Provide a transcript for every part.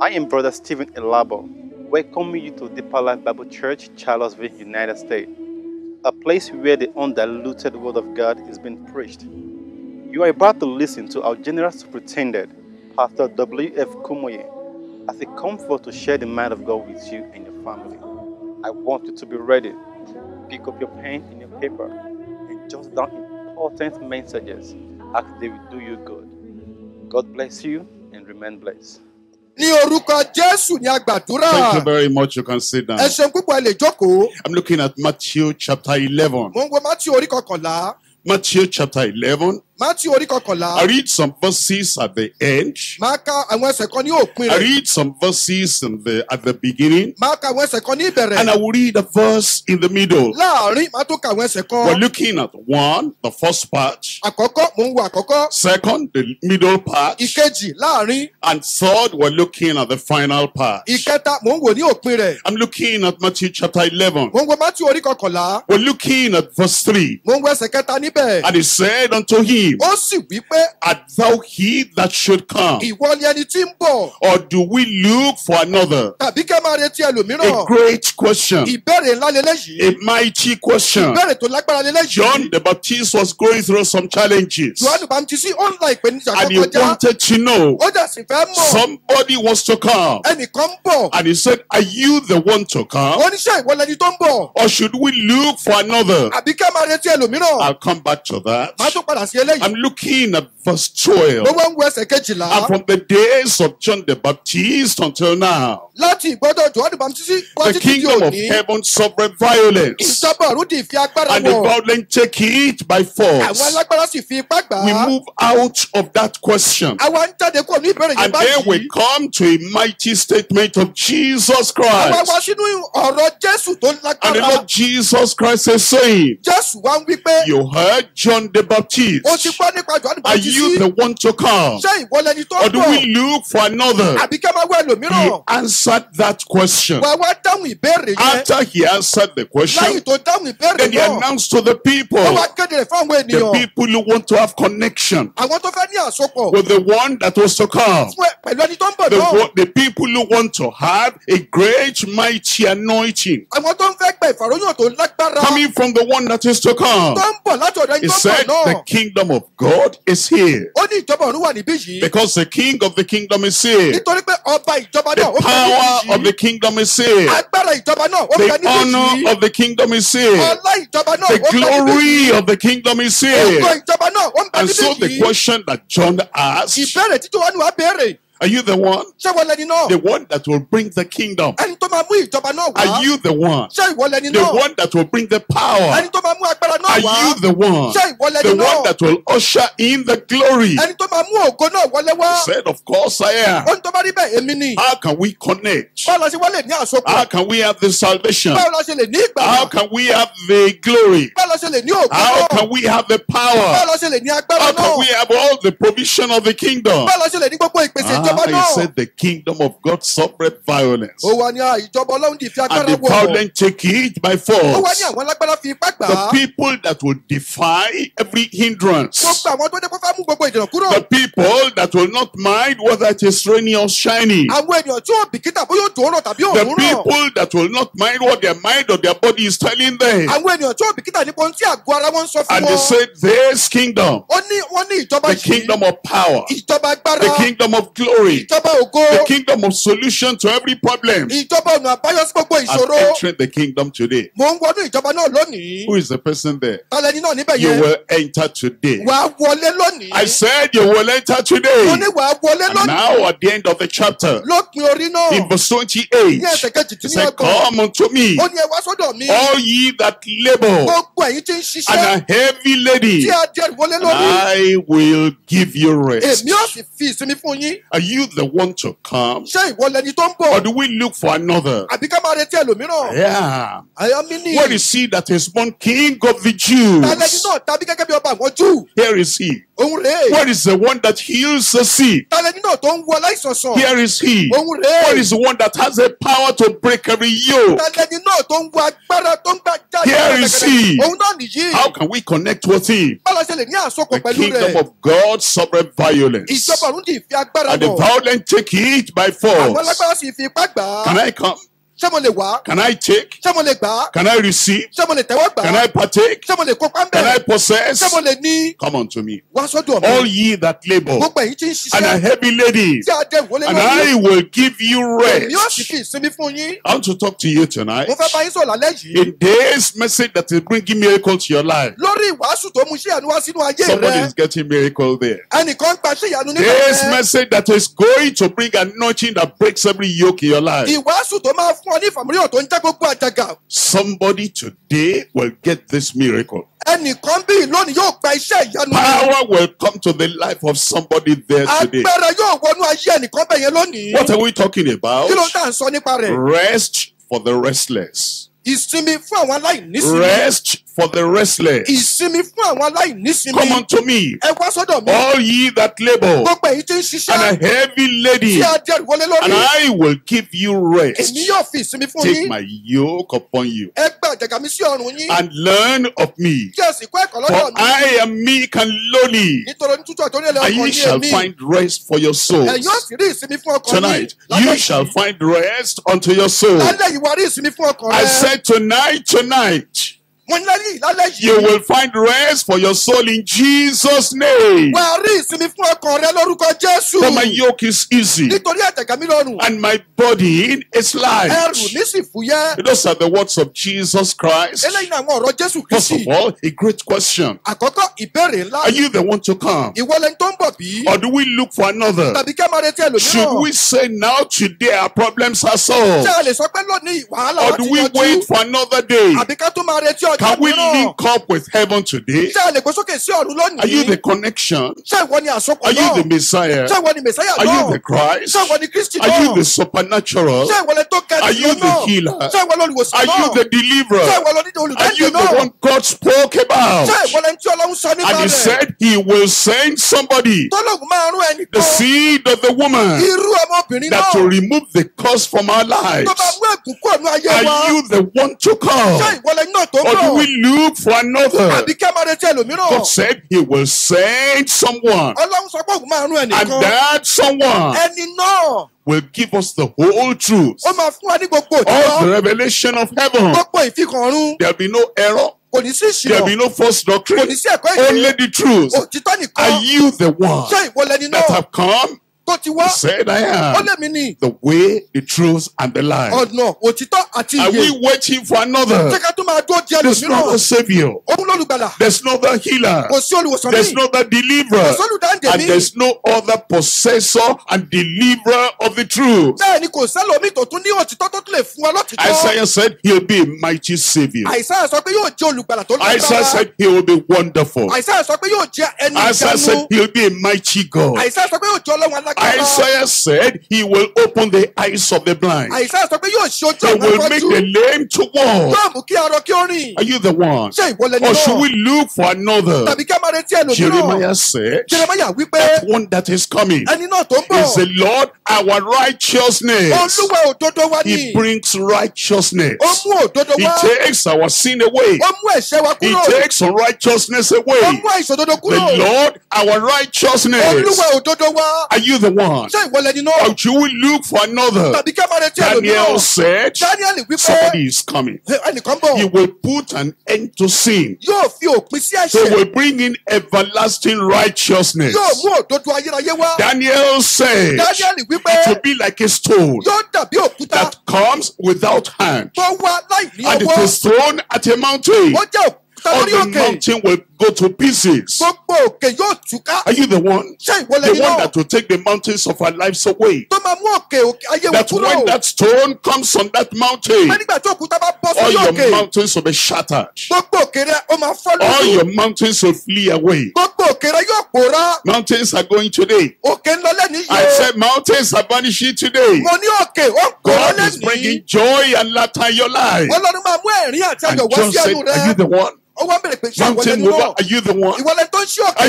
I am Brother Stephen Elabo, welcoming you to Deeper Life Bible Church, Charlottesville, United States, a place where the undiluted Word of God is being preached. You are about to listen to our generous superintendent, Pastor W.F. Kumoye, as a comfort to share the mind of God with you and your family. I want you to be ready. Pick up your pen and your paper and jot down important messages as they will do you good. God bless you and remain blessed. Ní orúkọ Jésù ni Thank you very much, you can sit down. ṣeun púpọ̀ ẹ lè jókòó. I'm looking at Matthew chapter eleven. Mo ń wo Matthew orí kọkànlá. Matthew chapter eleven. Matthew I read some verses at the end. Máa I, àwọn ẹsẹ̀ I read some verses in the, at the beginning. Máa I àwọn ẹsẹ̀ And I will read a verse in the middle. Láàárín, màá tún We're looking at one, the first part. Àkọ́kọ́, mò àkọ́kọ́. Second, the middle part. Ìkejì, láàárín. And third, we're looking at the final part. iketa rẹ̀. I'm looking at Matthew chapter eleven. Mò Matthew kọkànlá. We're looking at verse three. And he said unto him him? Ó thou he that should come? Or do we look for another? A great question. A mighty question. tó John the Baptist was going through some challenges. And he wanted to know. Somebody wants to come. And he said, are you the one to come? Or should we look for another? ẹlòmíràn. I'll come back to that i I'm looking at verse twelve. Gbogbo ń And from the days of John the Baptist until now. the kingdom of heaven suffered violence. And the violent take it by force. We move out of that question. And then we come to a mighty statement of Jesus Christ. And the Lord Jesus Christ is saying. Jésù wá ń wí You heard John the Baptist. Are you the one to come? Or do we look for another? He answered that question. After he answered the question. Lẹ́yìn Then he announced to the people. The people who want to have connection. With the one that was to come. Pẹ̀lú The people who want to have a great mighty anointing. Coming from the one that is to come. He said the kingdom of of God is here. Because the king of the kingdom is here. The power of the kingdom is here. The honor of the kingdom is here. The glory of the kingdom is here. And so the question that John asked are you the one? Ṣé lẹni náà? The one that will bring the kingdom. Ẹni tó máa mú ìjọba náà wá. Are you the one? Ṣé lẹni náà? The one that will bring the power. Ẹni tó máa mú agbára náà wá. Are you the one? Ṣé lẹni náà? The one that will usher in the glory. Ẹni tó máa mú ògo náà wọlé wá. He said of course I am. Ohun tó bá rí bẹ́ẹ̀ èmi ni. How can we connect? Báwo la ṣe wá lè ní àsopọ̀? How can we have the salvation? Báwo la ṣe lè ní How can we have the glory? Báwo la ṣe lè ní ògo náà? How can we have the power? Báwo la ṣe lè ní agbára náà? How can we have all the provision of the kingdom? Báwo la ṣe lè ní gbogbo ìpèsè ah, after he said the kingdom of God suffered violence. And the violent take it by force. The people that will defy every hindrance. The people that will not mind whether it is rainy or shining, The people that will not mind what their mind or their body is telling them. And they said, This kingdom, the kingdom of power, the kingdom of glory glory, the kingdom of solution to every problem. I'm entering the kingdom today. Who is the person there? You will enter today. I said you will enter today. And now at the end of the chapter, in verse 28, it said, Come unto me, all ye that labor and are heavy laden, I will give you rest. And you the one to come? Ṣé ìwọ lẹni tó ń bọ̀? Or do we look for another? Àbí tell him, you know. Yeah. Àyà mi ni. Where is he that is born king of the Jews? know. náà tàbí gẹ́gẹ́ bí ọba àwọn you? Here is he. Òun Where is the one that heals the sick? Tàlẹ́ni náà tó ń Here is he. Òun rèé. Where is the one that has the power to break every yoke? Here is he. How can we connect with him? ṣe lè ní àsopọ̀ pẹ̀lú rẹ̀. the kingdom of God suffered violence. ìjọba ọ̀run kì fi agbára lọ. and the violent take it by force. àwọn alágbára sì fi ipá gbà á. can I come? can I take. can I receive. can I partake. can I possess. ṣé mo lè come unto me. all ye that labour. and are heavy laden. and I will give you rest. I want to talk to you tonight. in this message that is bringing miracle to your life. somebody is getting miracle there. ẹnìkan gba this message that is going to bring anointing that breaks every yoke in your life. Somebody today will get this miracle. Power will come to the life of somebody there today. What are we talking about? Rest for the restless. Rest for the restless. Come unto me. All ye that labour. And are heavy laden. And I will give you rest. Take my yoke upon you. And learn of me. For I am meek and lowly. And ye shall find rest for your soul. Tonight you shall find rest unto your soul. I said tonight tonight. You will find rest for your soul in Jesus' name. For my yoke is easy. And my body is light. Those are the words of Jesus Christ. First of all, a great question. Are you the one to come? Or do we look for another? Should we say now today our problems are solved? Or do we wait for another day? Can we link up with heaven today? Are you the connection? Are you the Messiah? Are you the Christ? Are you the supernatural? Are you the healer? Are you the deliverer? Are you the one God spoke about? And he said he will send somebody, the seed of the woman, that to remove the curse from our lives. Are you the one to come? Or we look for another. God said he will send someone. And that someone. Will give us the whole truth. All the revelation of heaven. There'll be no error. Kò ní There be no false doctrine. Only the truth. Are you the one. That have come said I am. the way the truth and the life. Oh, are we waiting for another. there is no other saviour. there is no other healer. there is no other deliverer. and there is no other possessor and deliverer of the truth. Isaiah said he will be a mighty saviour. Isaiah said he will be wonderful. Isaiah said he will be a mighty God. Isaiah said he will open the eyes of the blind. Isaiah sọ pé yóò ṣe ojú He will make the lame to walk. Yóò mú kí arọ kí Are you the one? Ṣé Or should we look for another? Jeremiah said. Jeremiah wípé. That one that is coming. Is the Lord our righteousness. He brings righteousness. He takes our sin away. He takes righteousness away. The Lord our righteousness. Are you the the one but you will look for another Daniel said somebody is coming he will put an end to sin so will bring in everlasting righteousness Daniel said it will be like a stone that comes without hand and it is thrown at a mountain on the mountain will go to pieces. Are you the one? The one that will take the mountains of our lives away. Tó That when that stone comes on that mountain. All your mountains will be shattered. All your mountains will flee away. Mountains are going today. I said mountains are vanishing today. God is bringing joy and laughter in your life. And are you the one? are you the one? Are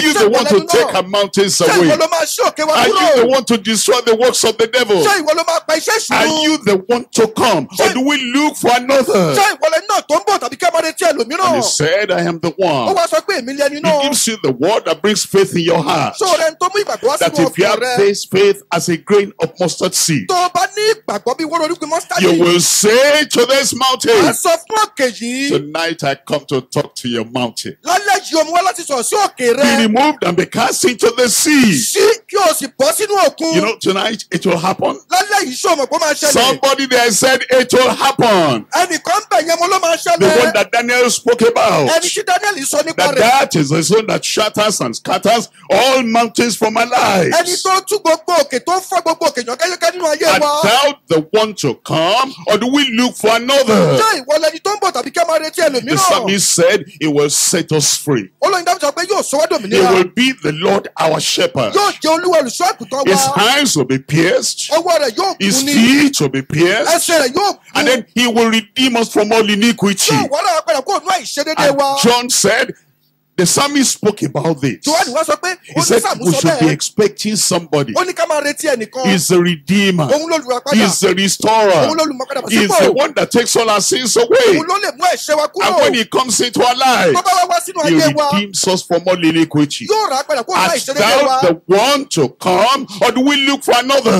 you the one to take our mountains away? Are you the one to destroy the works of the devil? Are you the one to come? Or do we look for another? And he said, I am the one. He gives you the word that brings faith in your heart. That if you have this faith as a grain of mustard seed, you will say to this mountain, Tonight I come to talk to your mountain yí sọ̀ Be removed and be cast into the sea. You know tonight it will happen. Somebody there said it will happen. The one that Daniel spoke about. That that is the one that shatters and scatters all mountains from my life. Ẹni tó thou the one to come or do we look for another? The psalmist said he will set us free glory. He will be the Lord our shepherd. His hands will be pierced. His feet will be pierced. And then he will redeem us from all iniquity. And John said, the psalmist spoke about this. He said we should be expecting somebody. He's the redeemer. He's the restorer. He's the one that takes all our sins away. And when he comes into our lives, he redeems us from all iniquity. Art thou the one to come, or do we look for another?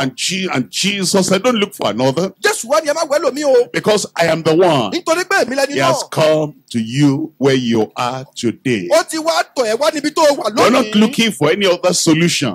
And, G- and Jesus said, Don't look for another. Because I am the one. He has come to you where you are today. lónìí. We're not looking for any other solution.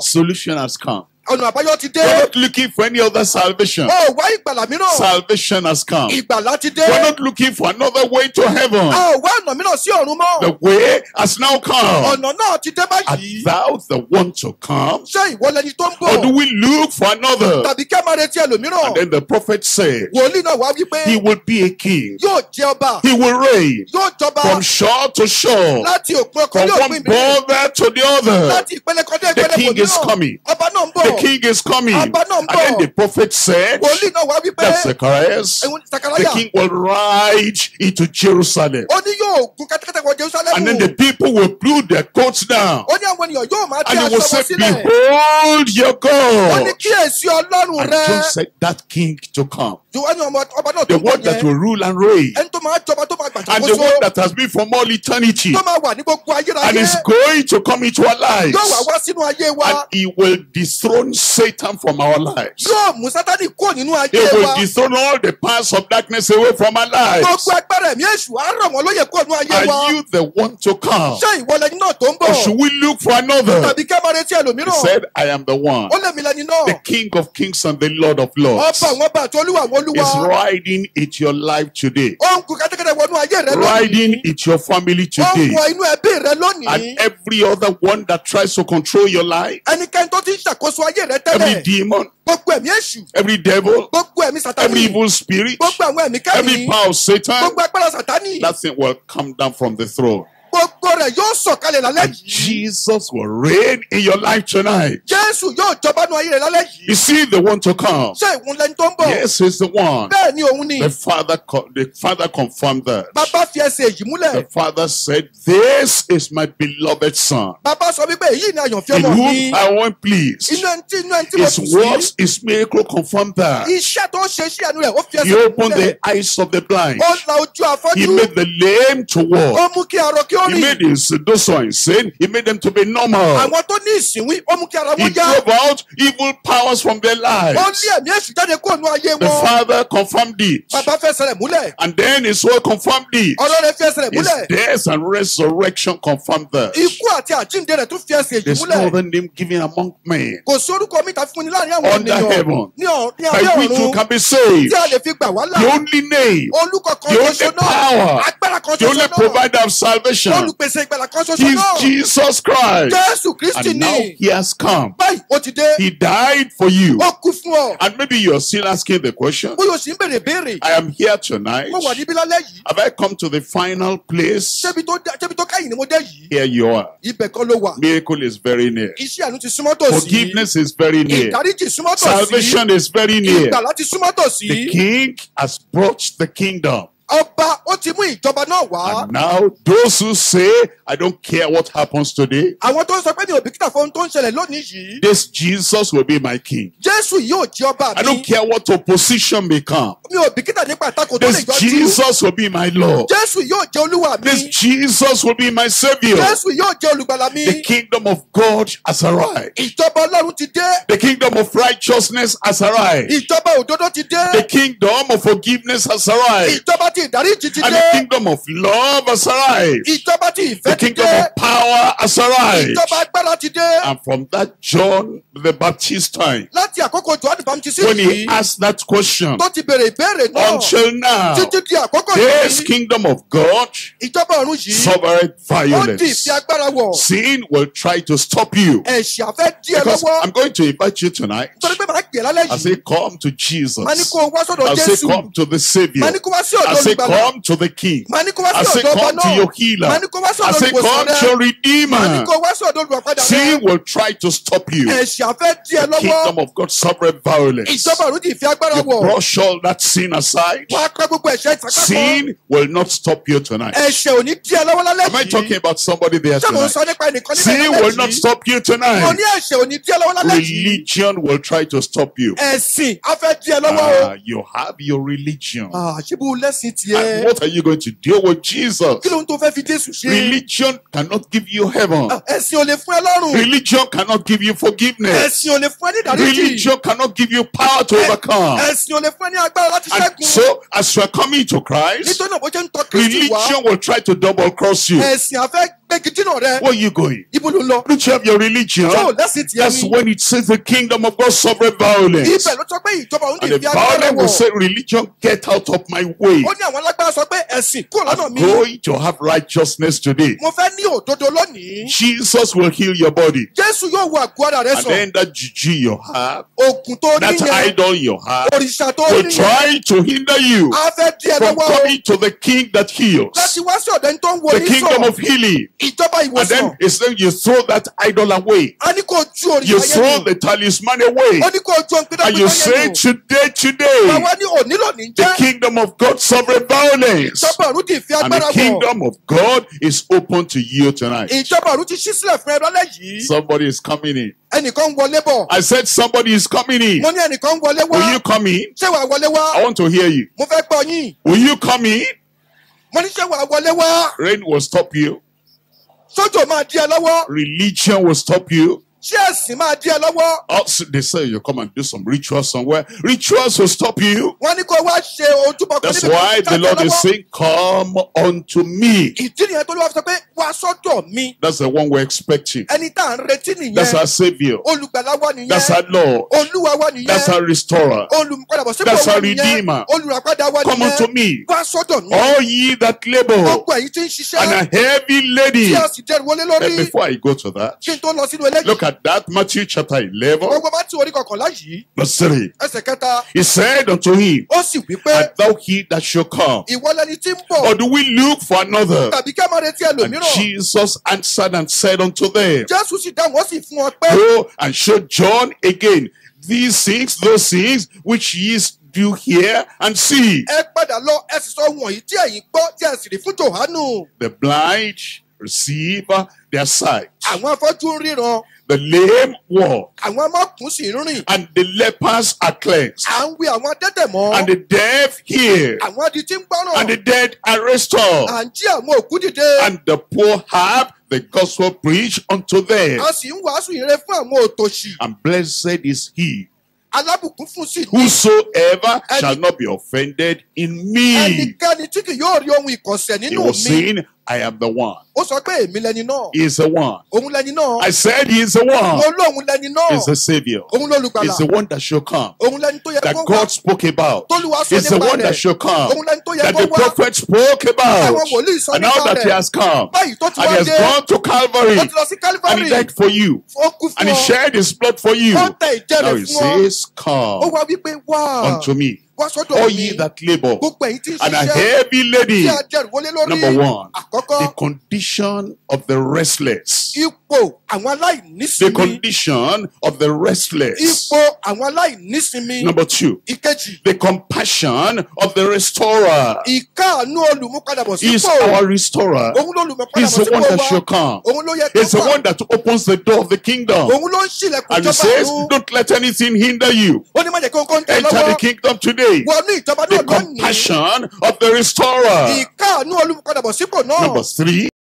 Solution has come ọ̀nà àbáyọ ti dé. We're not looking for any other salvation. Ó oh, wá ìgbàlà mìíràn. Salvation has come. Ìgbàlà ti dé. We're not looking for another way to heaven. Ó wá ọ̀nà mìíràn sí ọ̀run mọ́. The way has now come. Ọ̀nà náà ti dé báyìí. Are the one to come? Ṣé tó ń bọ̀? Or do we look for another? Tàbí kí máa retí ẹlòmíràn. And then the prophet said. Wòlíì náà wá wípé. He will be a king. Yóò jẹ ọba. He will reign. Yóò jọba. From shore to shore. Láti òpin ọkọ yóò pín mi. From one border to the other. Láti ìpele The king is coming the king is coming. And then the prophet said, that's Zecharias, the king will ride into Jerusalem. And then the people will blew their coats down. And they will say, behold your God. And John said, that king to come. The one that will rule and reign. And the one that has been from all eternity. And is going to come into our lives. And he will destroy dethrone Satan from our lives. Yóò will dethrone all the powers of darkness away from our lives. Are you the one to come? Or should we look for another? a He said, I am the one. The king of kings and the lord of lords. Is riding it your life today. Riding it your family today. And every other one that tries to control your life every demon. every devil. every evil spirit. every power of Satan. nothing will come down from the throne. Gbogbo Jesus will reign in your life tonight. You see the one to come. Ṣé Yes, he is the one. The father the father confirmed that. The father said, This is my beloved son. In whom I want pleased." His works, his miracle confirmed that. He opened the eyes of the blind. He made the lame to walk. He made those insane, he made them to be normal. He drove out evil powers from their lives. The father confirmed it. And then his soul confirmed it. Ọlọ́run His death and resurrection confirmed that. Ikú àti There is no other name given among men. Under heaven. Ní ọ̀run. By which you can be saved. The only name. The only power. The only provider of salvation olùpèsè is Jesus Christ. and now he has come. he died for you. and maybe you are still asking the question. I am here tonight. have I come to the final place? here you are. miracle is very near. forgiveness is very near. salvation is very near. the king has brought the kingdom. Ọba ó ti mú ìjọba náà wá. And now those who say I don't care what happens today. Àwọn tó ń sọ pé fún ohun tó ń ṣẹlẹ̀ lónìí yìí. This Jesus will be my king. Jésù yóò jẹ ọba mi. I don't care what opposition may come. Mi ò bìkítà nípa àtakò tó lè yọjú. This Jesus will be my Lord. Jésù yóò jẹ olúwa mi. This Jesus will be my saviour. Jésù yóò jẹ olùgbàlà mi. The kingdom of God has arrived. Ìjọba Ọlọ́run ti dé. The kingdom of righteousness has arrived. Ìjọba òdodo ti dé. The kingdom of forgiveness has arrived. Ìjọba ti and the kingdom of love has arrived. the kingdom of power has arrived. and from that John the Baptist time. when he asked that question. until now. títí this kingdom of God. sovereign violence. sin will try to stop you. because I'm going to invite you tonight. I say come to Jesus. I say come to the saviour. I say say, Come to the king. I say, Come to your healer. I say, Come to your redeemer. Sin will try to stop you. The kingdom of God suffered violence. You brush all that sin aside. Sin will not stop you tonight. Am I talking about somebody there tonight? Sin will not stop you tonight. Religion will try to stop you. Ah, you have your religion. Ah, and what are you going to do with Jesus? Religion cannot give you heaven. Ah, religion cannot give you forgiveness. Religion cannot give you power to overcome. And so, as you are coming to Christ, religion will try to double cross you. Where you going? Don't you have your religion? That's when it says the kingdom of God sovereign violence. And the violent will say, religion, get out of my way. I'm going to have righteousness today. Jesus will heal your body. And then that juju you have, that idol you have, will try to hinder you from coming to the king that heals. The kingdom of healing ìjọba ìwòsàn. and then he said you throw that idol away. a ní kò ju òrìṣà yẹn you throw the talisman away. ó ní kò ju òǹkìdá yẹn and you say today today. bàbá ní jẹ́. the kingdom of God sovereign violence. ìjọba ọ̀run ti fi agbára and the kingdom of God is open to you tonight. ìjọba ọ̀run ti ṣí sílẹ̀ fún yìí. somebody is coming in. ẹnìkan wọlé bọ̀. I said somebody is coming in. mo ní ẹnìkan wọlé wá. will you come in? ṣé wàá wọlé wá. I want to hear you. mo fẹ́ gbọ́ yín. will you come in? mo ní ṣé wàá wọlé wá. rain will stop you. Religion will stop you. Also, oh, they say you come and do some rituals somewhere. Rituals will stop you. That's why the Lord is saying, Come unto me. That's the one we're expecting. That's our Savior. That's our Lord. That's our Restorer. That's our Redeemer. Come unto me. All ye that labor and are heavy laden. Before I go to that, look at that Matthew chapter eleven. Gbogbo Matthew orí kọkànlá yìí. Verse Ẹsẹ̀ kẹta. He said unto him. Ó sì wí pé. Art thou he that shall come? Ìwọ lẹni ń bọ̀. Or do we look for another? Tàbí kí máa retí ẹlòmíràn. And Jesus answered and said unto them. Jésù sì dáhùn ó sì fún ọ pé. Go and show John again these things, those things which ye do hear and see. Ẹ padà lọ, ẹ sì sọ wọ̀nyí tí ẹ̀yin gbọ́ tí ẹ sì rí fún Jòhánù. The blind receive their sight. Àwọn afọ́jú ríran. The lame walk. Àwọn amọ̀kùn sì ń rìn. And the lepers are cleansed. À ń wí àwọn adẹ́tẹ̀ mọ́. And the deaf hear. Àwọn adití ń gbọ́ràn. And the dead are restored. À ń jí àwọn òkú dìde. And the poor have the gospel preached unto them. A sì ń wàásù ìre fún àwọn òtòṣì. And blessed is he alábùkún fún sí. whosoever shall not be offended in me. ẹnikẹ́ni tí kì yóò rí ohun ìkọ̀sẹ̀ nínú mi. he was saying I am the one. Ó sọ pé èmi lẹni náà. He is the one. Òun lẹni náà. I said he is the one. Olóhùn lẹni náà. He is the saviour. Òun lólùgbàlà. He is the one that shall come. Òun lẹni tó yẹ kó wá. That God spoke about. Tolúwa sọ nípa rẹ̀. He is the one that shall come. Òun lẹni tó yẹ kó wá. That the prophet spoke about. Àwọn wòlíì sọ nípa rẹ̀. And now that he has come. Báyìí tó ti wá dé. And he has gone to Calvary. Ó ti lọ sí Calvary. And he died for you. Ó kú fún ọ. And he shared his blood for you. Ó tẹ ìjẹ́rẹ̀ fún ọ. Now he says, come. Ó wá wípé wá. Unto me. All ye that labor and are heavy laden. Number one, the condition of the restless ipò àwọn the condition of the restless. ipò àwọn number two. ìkejì. the compassion of the restorer. ìkáàánú is our restorer. òun ló wa. is the one that shall come. òun ló yẹ kó wá. is the one that opens the door of the kingdom. òun ló ń and he says don't let anything hinder you. ó ní tẹ̀ lọ́wọ́. enter the kingdom today. ìjọba náà lónìí. the compassion of the restorer. náà. number three.